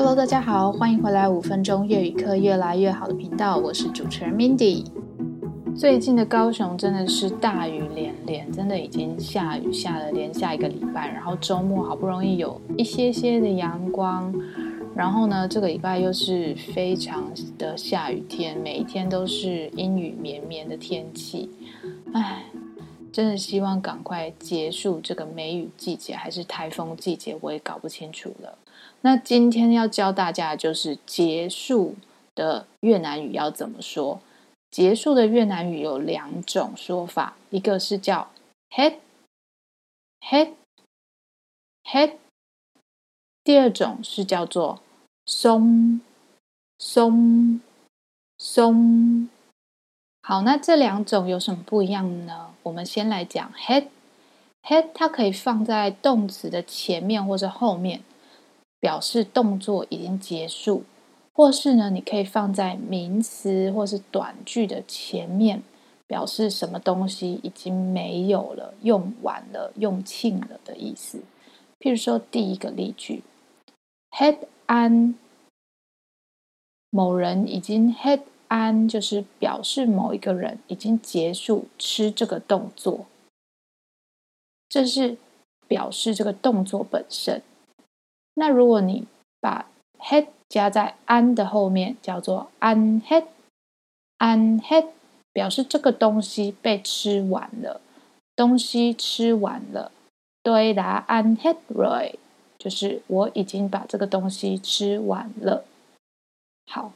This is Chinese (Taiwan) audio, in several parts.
Hello，大家好，歡迎回來《五分鐘粵語課》越來越好的頻道，我是主持人 Mindy。最近的高雄真的是大雨連連，真的已經下雨下了連下一個禮拜，然後週末好不容易有一些些的陽光，然後呢，這個禮拜又是非常的下雨天，每一天都是陰雨綿綿的天氣。哎，真的希望趕快結束這個梅雨季節，還是颱風季節，我也搞不清楚了。那今天要教大家的就是“結束”的越南語要怎麼說。“結束”的越南語有兩種說法，一個是叫 “hết”，“hết”，“hết”，hết hết hết，第二種是叫做 “xong”，“xong”，“xong”。好，那這兩種有什麼不一樣呢？我們先來講 “hết”，“hết”，它可以放在動詞的前面或者後面。表示動作已經結束，或是呢，你可以放在名詞或是短句的前面，表示什麽東西已經沒有了、用完了、用罄了的意思。譬如說，第一個例句，hết ăn，某人已經 hết ăn，就是表示某一個人已經結束吃這個動作，這是表示這個動作本身。那如果你把 hết 加在 ăn 的後面，叫做 ăn hết ăn hết，表示這個東西被吃完了，東西吃完了，對啦 ăn hết rồi，就是我已經把這個東西吃完了。好，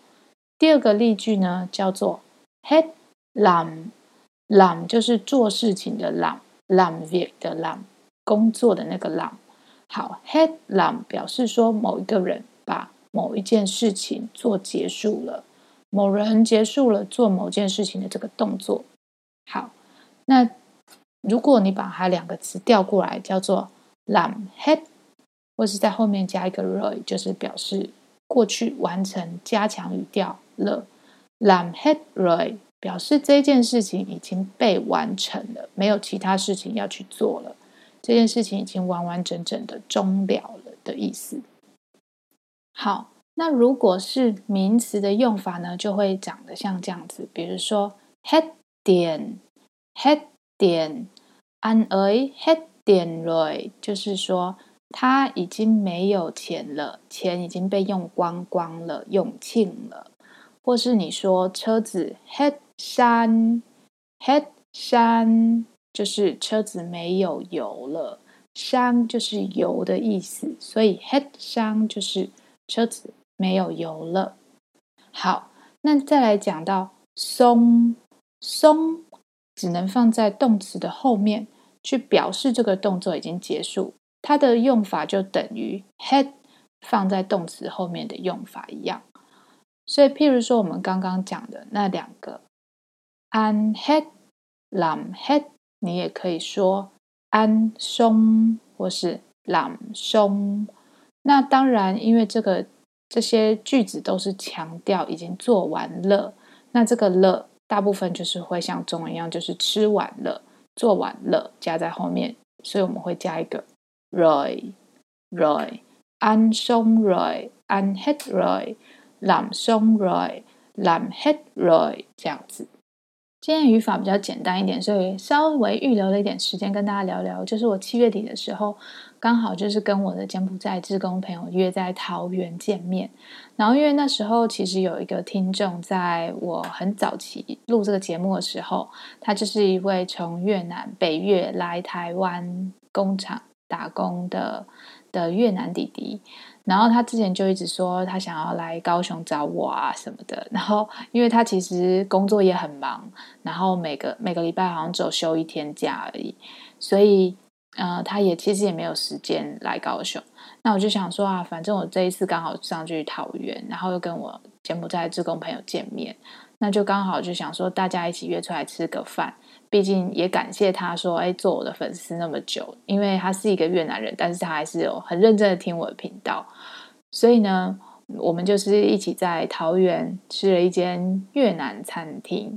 第二個例句呢，叫做 hết làm làm，就是做事情的 làm，làm việc 的 làm，工作的那個 làm。好，hết làm 表示說某一個人把某一件事情做結束了，某人結束了做某件事情的這個動作。好，那如果你把它兩個詞調過來，叫做 làm hết，或是在後面加一個 rồi，就是表示過去完成，加強語調了。làm hết rồi 表示這件事情已經被完成了，沒有其他事情要去做了。這件事情已經完完整整的終了了的意思。好，那如果是名詞的用法呢，就會長得像這樣子，比如說 hết tiền hết tiền anh ấy hết tiền rồi，就是說他已經沒有錢了，錢已經被用光光了，用罄了。或是你說車子 hết xăng hết xăng。就是車子沒有油了，xăng 就是油的意思，所以 hết xăng 就是車子沒有油了。好，那再來講到 xong，xong，只能放在動詞的後面，去表示這個動作已經結束。它的用法就等於 hết 放在動詞後面的用法一樣。所以譬如說我們剛剛講的那兩個，ăn hết, làm hết。你也可以說“安松”或是“朗松”，那當然，因為這個這些句子都是強調已經做完了，那這個“了”大部分就是會像中文一樣，就是吃完了、做完了，加在後面，所以我們會加一個 rồi rồi 安松 rồi 安 hết rồi 朗松 rồi 朗 hết rồi 這樣子。今天語法比較簡單一點，所以稍微預留了一點時間跟大家聊聊。就是我七月底的時候，剛好就是跟我的柬埔寨志工朋友約在桃園見面。然後因為那時候其實有一個聽眾在我很早期錄這個節目的時候，他就是一位從越南北越來台灣工廠，打工的的越南弟弟，然後他之前就一直說他想要來高雄找我啊什麼的，然後因為他其實工作也很忙，然後每個每個禮拜好像只有休一天假而已，所以，呃，他也其實也沒有時間來高雄。那我就想說啊，反正我這一次剛好上去桃園，然後又跟我柬埔寨志工朋友見面。那就剛好就想說，大家一起約出來吃個飯，畢竟也感謝他說，誒、哎，做我的粉絲那麼久，因為他是一個越南人，但是他還是有很認真的聽我的頻道，所以呢，我們就是一起在桃園吃了一間越南餐廳，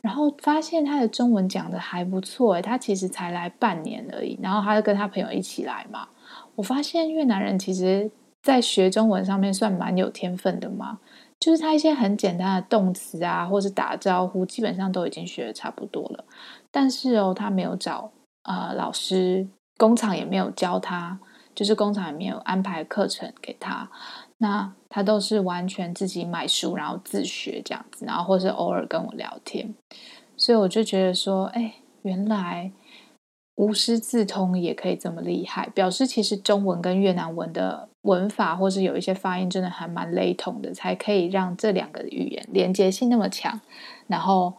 然後發現他的中文講得還不錯誒，他其實才來半年而已，然後他就跟他朋友一起來嘛。我發現越南人其實在學中文上面算蠻有天分的嘛。就是他一些很簡單的動詞啊，或是打招呼，基本上都已經學得差不多了。但是哦，他沒有找啊、呃、老師，工廠也沒有教他，就是工廠也沒有安排課程給他。那他都是完全自己買書然後自學這樣子，然後或是偶爾跟我聊天。所以我就覺得說，哎，原來無師自通也可以這麼厲害，表示其實中文跟越南文的。文法或是有一些發音真的還蠻雷同的，才可以讓這兩個語言連接性那麼強，然後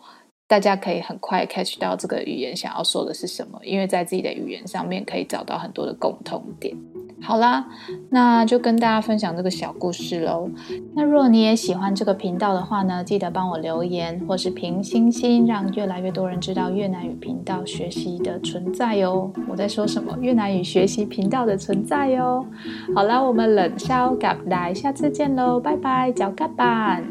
大家可以很快 catch 到這個語言想要說的是什麼，因為在自己的語言上面可以找到很多的共通點。好啦，那就跟大家分享這個小故事嘍。那如果你也喜歡這個頻道的話呢，記得幫我留言或是評星星，讓越來越多人知道越南語頻道學習的存在喲。我在說什麼？越南語學習頻道的存在喲。好啦，我們冷笑感，下次見嘍，拜拜，腳蓋板。